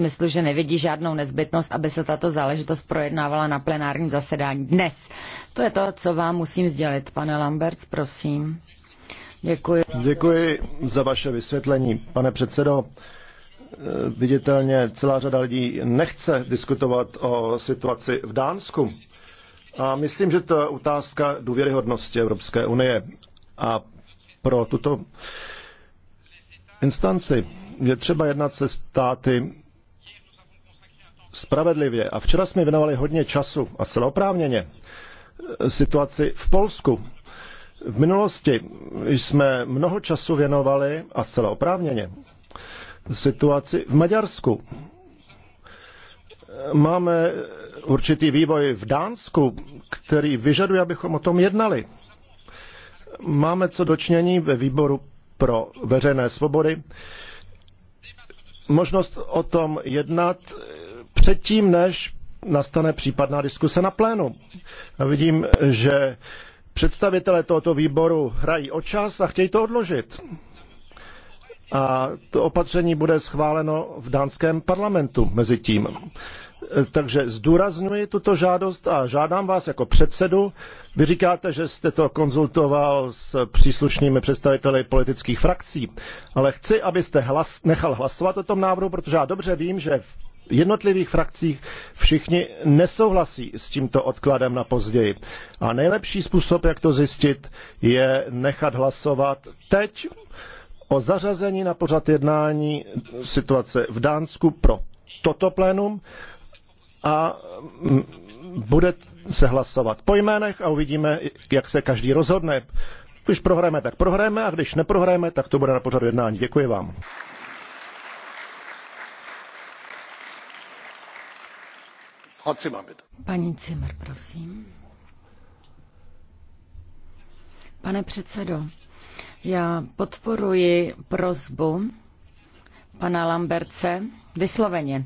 smyslu, že nevidí žádnou nezbytnost, aby se tato záležitost projednávala na plenárním zasedání dnes. To je to, co vám musím sdělit. Pane Lamberts, prosím. Děkuji. Děkuji za vaše vysvětlení, pane předsedo. Eh, viditelně celá řada lidí nechce diskutovat o situaci v Dánsku. A myslím, že to je otázka důvěryhodnosti Evropské unie. A pro tuto instanci je třeba jednat se státy, spravedlivě. A včera jsme věnovali hodně času a celé oprávněně e, situaci v Polsku. V minulosti jsme mnoho času věnovali a celé oprávněně situaci v Maďarsku. Máme určitý vývoj v Dánsku, který vyžaduje, abychom o tom jednali. Máme co dočnění ve výboru pro veřejné svobody. Možnost o tom jednat předtím, než nastane případná diskuse na plénu. A vidím, že představitelé tohoto výboru hrají o čas a chtějí to odložit. A to opatření bude schváleno v dánském parlamentu mezi tím. Takže zdůraznuji tuto žádost a žádám vás jako předsedu. Vy říkáte, že jste to konzultoval s příslušnými představiteli politických frakcí, ale chci, abyste hlas, nechal hlasovat o tom návrhu, protože já dobře vím, že v jednotlivých frakcích všichni nesouhlasí s tímto odkladem na později. A nejlepší způsob, jak to zjistit, je nechat hlasovat teď o zařazení na pořad jednání situace v Dánsku pro toto plénum a mm, bude se hlasovat po jménech a uvidíme, jak se každý rozhodne. Když prohráme, tak prohráme a když neprohráme, tak to bude na pořadu jednání. Děkuji vám. Paní Zimmer, prosím. Pane předsedo, já podporuji prozbu pana Lamberce vysloveně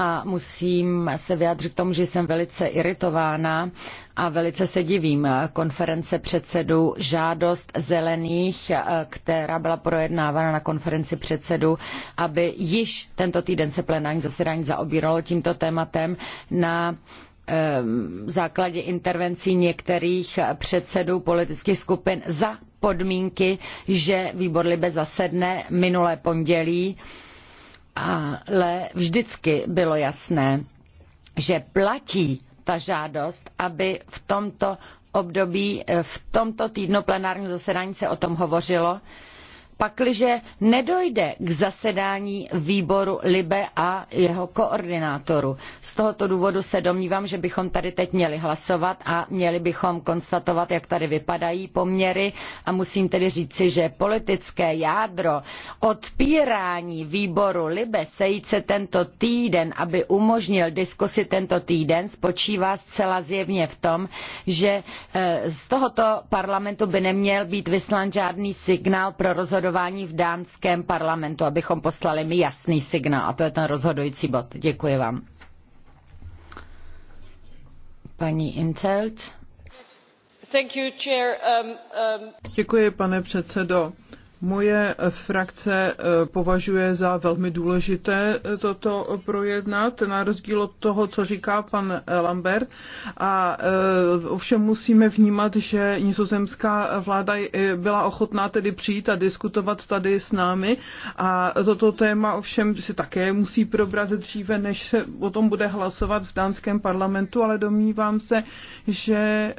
a musím se vyjádřit k tomu, že jsem velice iritována a velice se divím konference předsedů žádost zelených, eh, která byla projednávána na konferenci předsedů, aby již tento týden se plenární zasedání zaobíralo tímto tématem na eh, základě intervencí některých předsedů politických skupin za podmínky, že výbor Libe zasedne minulé pondělí ale vždycky bylo jasné, že platí ta žádost, aby v tomto období, eh, v tomto týdnu plenárního zasedání se o tom hovořilo, pakliže nedojde k zasedání výboru Libe a jeho koordinátoru. Z tohoto důvodu se domnívám, že bychom tady teď měli hlasovat a měli bychom konstatovat, jak tady vypadají poměry a musím tedy říci, že politické jádro odpírání výboru Libe sejít se tento týden, aby umožnil diskusi tento týden, spočívá zcela zjevně v tom, že eh, z tohoto parlamentu by neměl být vyslán žádný signál pro rozhodování rozhodování v dánském parlamentu, abychom poslali mi jasný signál. A to je ten rozhodující bod. Děkuji vám. Paní Intelt. Um, um, Děkuji, pane předsedo Moje frakce eh, považuje za velmi důležité eh, toto projednat, na rozdíl od toho, co říká pan eh, Lambert. A ovšem musíme vnímat, že nizozemská vláda byla ochotná tedy přijít a diskutovat tady s námi. A toto téma ovšem si také musí probrat dříve, než se o tom bude hlasovat v dánském parlamentu, ale domnívám se, že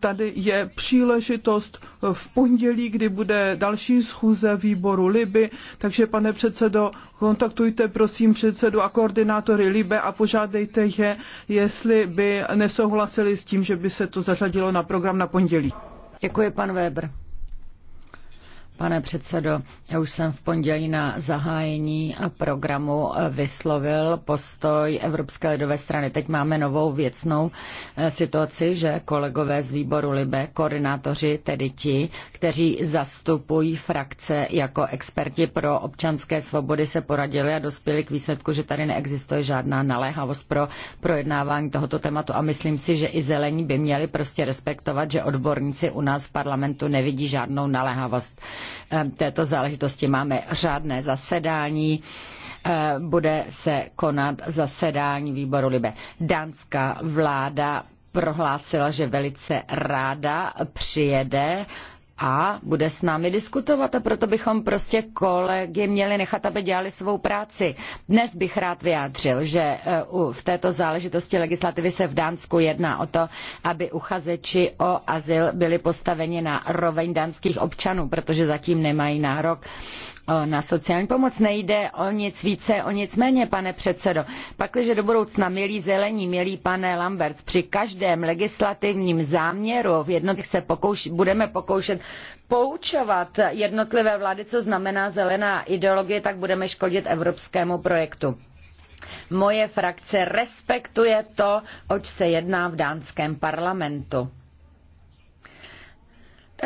tady je příležitost v pondělí, kdy bude další schůze výboru Liby, takže pane předsedo, kontaktujte prosím předsedu a koordinátory Libe a požádejte je, jestli by nesouhlasili s tím, že by se to zařadilo na program na pondělí. Děkuji, pan Weber. Pane předsedo, já už jsem v pondělí na zahájení programu eh, vyslovil postoj Evropské lidové strany. Teď máme novou věcnou eh, situaci, že kolegové z výboru Libe, koordinátoři, tedy ti, kteří zastupují frakce jako experti pro občanské svobody, se poradili a dospěli k výsledku, že tady neexistuje žádná naléhavost pro projednávání tohoto tématu a myslím si, že i zelení by měli prostě respektovat, že odborníci u nás v parlamentu nevidí žádnou naléhavost. Eh, této záležitosti. Máme řádné zasedání eh, bude se konat zasedání výboru Libe. Dánská vláda prohlásila, že velice ráda přijede a bude s námi diskutovat a proto bychom prostě kolegy měli nechat, aby dělali svou práci. Dnes bych rád vyjádřil, že e, v této záležitosti legislativy se v Dánsku jedná o to, aby uchazeči o azyl byli postaveni na roveň dánských občanů, protože zatím nemají nárok na sociální pomoc. Nejde o nic více, o nic méně, pane předsedo. Pakliže do budoucna, milí zelení, milí pane Lamberts, při každém legislativním záměru v jednotlivých se pokouš, budeme pokoušet poučovat jednotlivé vlády, co znamená zelená ideologie, tak budeme škodit evropskému projektu. Moje frakce respektuje to, oč se jedná v dánském parlamentu.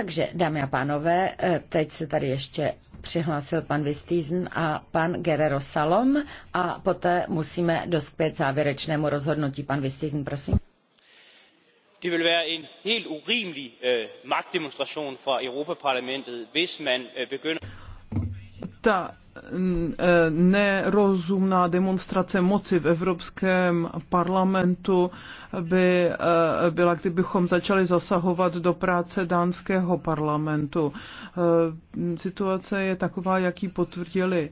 Takže, dámy a pánové, eh, teď se tady ještě přihlásil pan Vistýzn a pan Guerrero Salom a poté musíme dospět závěrečnému rozhodnutí. Pan Vistýzn, prosím. Det vil være en helt urimelig eh, magtdemonstration fra Europaparlamentet, hvis man eh, begynder... Ta nerozumná demonstrace moci v Evropském parlamentu by eh, byla, kdybychom začali zasahovat do práce dánského parlamentu. Eh, situace je taková, jaký potvrdili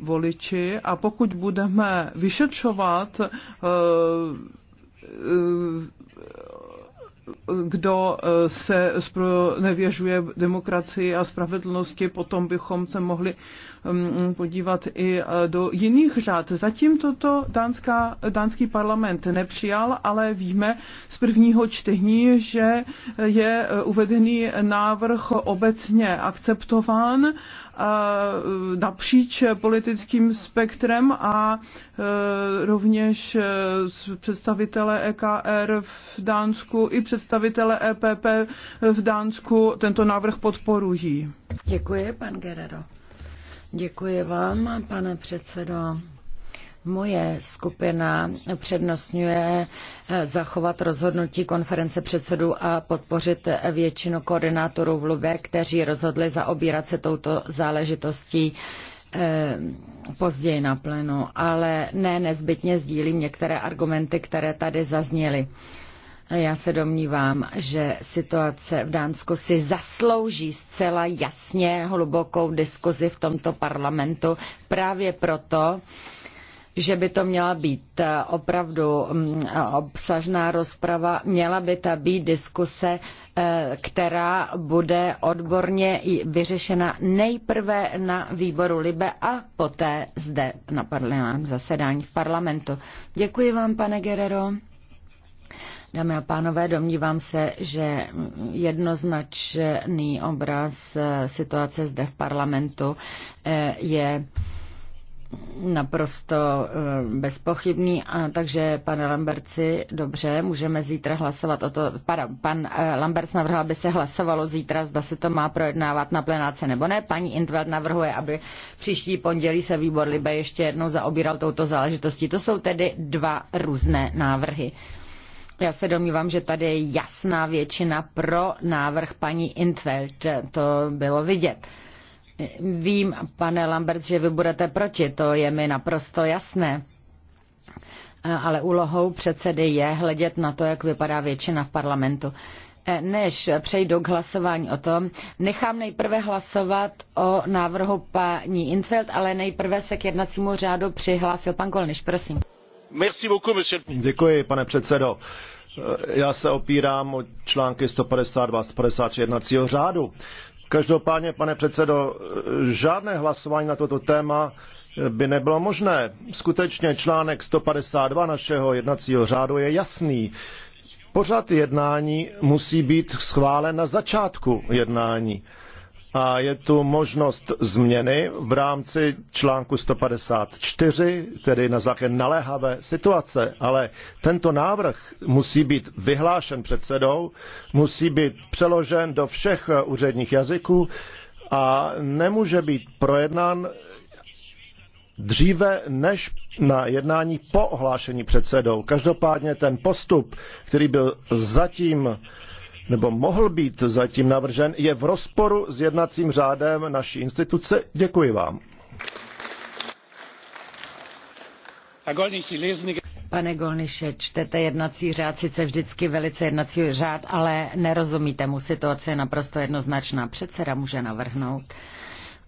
voliči a pokud budeme vyšetřovat eh, kdo se nevěřuje demokracii a spravedlnosti, potom bychom se mohli Um, podívat i eh, do jiných řád. Zatím toto dánská, dánský parlament nepřijal, ale víme z prvního čtení, že je eh, uvedený návrh obecně akceptován eh, napříč politickým spektrem a rovněž představitele EKR v Dánsku i představitele EPP v Dánsku tento návrh podporují. Děkuji, pan Gerero. Děkuji vám, pane předsedo. Moje skupina přednostňuje eh, zachovat rozhodnutí konference předsedů a podpořit eh, většinu koordinátorů v Lubě, kteří rozhodli zaobírat se touto záležitostí eh, později na plenu, ale ne nezbytně sdílím některé argumenty, které tady zazněly. Já se domnívám, že situace v Dánsku si zaslouží zcela jasně hlubokou diskuzi v tomto parlamentu právě proto, že by to měla být eh, opravdu mm, eh, obsažná rozprava, měla by ta být diskuse, eh, která bude odborně vyřešena nejprve na výboru Libe a poté zde na zasedání v parlamentu. Děkuji vám, pane Gerero. Dámy a pánové, domnívám se, že jednoznačný obraz situace zde v parlamentu eh, je naprosto eh, bezpochybný, a takže pane Lamberci, dobře, můžeme zítra hlasovat o to, Pan, pan eh, Lamberc navrhl, aby se hlasovalo zítra, zda se to má projednávat na plenáce nebo ne. Paní Intveld navrhuje, aby příští pondělí se výbor Libe ještě jednou zaobíral touto záležitostí. To jsou tedy dva různé návrhy. Já se domnívám, že tady je jasná většina pro návrh paní Intveld. To bylo vidět. Vím, pane Lambert, že vy budete proti, to je mi naprosto jasné. Ale úlohou předsedy je hledět na to, jak vypadá většina v parlamentu. Než přejdu k hlasování o tom, nechám nejprve hlasovat o návrhu paní Intveld, ale nejprve se k jednacímu řádu přihlásil pan Kolniš, prosím. Děkuji, pane předsedo. Já se opírám o články 152 a three jednacího řádu. Každopádně, pane předsedo, žádné hlasování na toto téma by nebylo možné. Skutečně článek 152 našeho jednacího řádu je jasný. Pořad jednání musí být schválen na začátku jednání a je tu možnost změny v rámci článku 154, tedy na základě naléhavé situace, ale tento návrh musí být vyhlášen předsedou, musí být přeložen do všech eh, úředních jazyků a nemůže být projednán dříve než na jednání po ohlášení předsedou. Každopádně ten postup, který byl zatím nebo mohl být zatím navržen, je v rozporu s jednacím řádem naší instituce. Děkuji vám. Pane Golniše, čtete jednací řád, sice vždycky velice jednací řád, ale nerozumíte mu. Situace je naprosto jednoznačná. Předseda může navrhnout,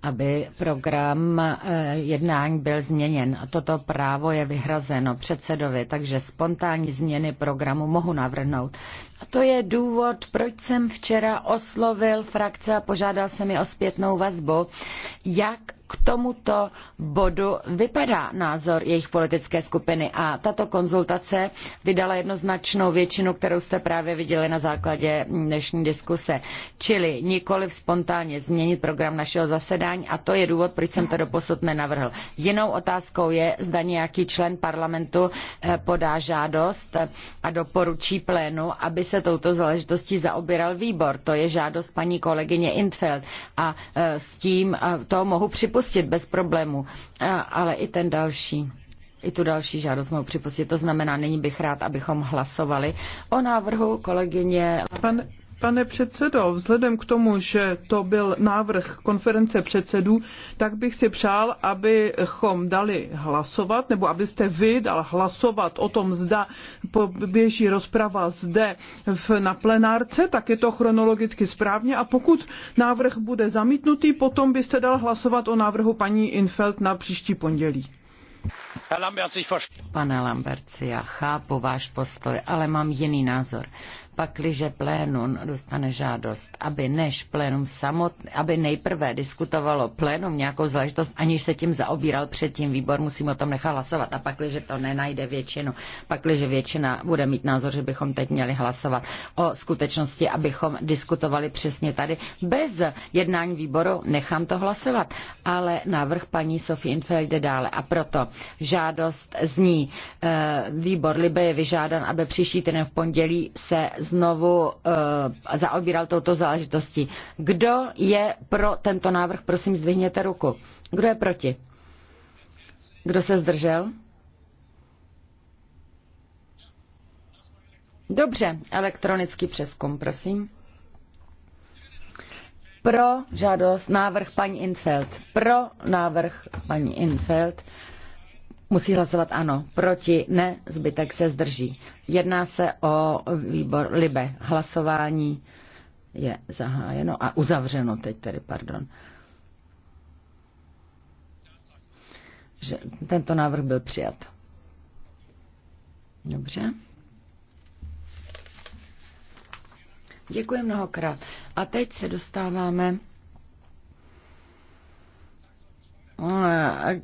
aby program eh, jednání byl změněn. A toto právo je vyhrazeno předsedovi, takže spontánní změny programu mohu navrhnout. A to je důvod, proč jsem včera oslovil frakce a požádal jsem mi o zpětnou vazbu, jak k tomuto bodu vypadá názor jejich politické skupiny a tato konzultace vydala jednoznačnou většinu, kterou jste právě viděli na základě dnešní diskuse. Čili nikoli spontánně změnit program našeho zasedání a to je důvod, proč jsem to doposud nenavrhl. Jinou otázkou je, zda nějaký člen parlamentu eh, podá žádost a doporučí plénu, aby se touto záležitostí zaobíral výbor. To je žádost paní kolegyně Intfeld a eh, s tím eh, to mohu připustit připustit bez problému, ale i ten další. I tu další žádost mohu připustit. To znamená, nyní bych rád, abychom hlasovali o návrhu kolegyně. Pan Pane předsedo, vzhledem k tomu, že to byl návrh konference předsedů, tak bych si přál, abychom dali hlasovat, nebo abyste vy dal hlasovat o tom, zda běží rozprava zde v, na plenárce, tak je to chronologicky správně. A pokud návrh bude zamítnutý, potom byste dal hlasovat o návrhu paní Infeld na příští pondělí. Pane Lamberci, já chápu váš postoj, ale mám jiný názor pakliže plénum dostane žádost, aby než plénum samotné, aby nejprve diskutovalo plénum nějakou záležitost, aniž se tím zaobíral předtím výbor, musím o tom nechat hlasovat. A pakliže to nenajde většinu, pakliže většina bude mít názor, že bychom teď měli hlasovat o skutečnosti, abychom diskutovali přesně tady. Bez jednání výboru nechám to hlasovat, ale návrh paní Sofie Infeld jde dále. A proto žádost zní, eh, výbor Libe je vyžádan, aby příští týden v pondělí se znovu eh, zaobíral touto záležitostí. Kdo je pro tento návrh? Prosím, zdvihněte ruku. Kdo je proti? Kdo se zdržel? Dobře, elektronický přeskum, prosím. Pro žádost návrh paní Infeld. Pro návrh paní Infeld musí hlasovat ano, proti ne, zbytek se zdrží. Jedná se o výbor Libe. Hlasování je zahájeno a uzavřeno teď tedy, pardon. Že tento návrh byl přijat. Dobře. Děkuji mnohokrát. A teď se dostáváme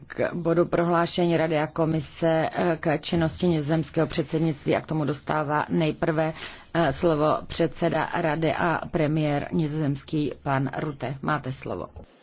k bodu prohlášení Rady a komise eh, k činnosti nizozemského předsednictví a k tomu dostává nejprve eh, slovo předseda Rady a premiér nizozemský pan Rute. Máte slovo.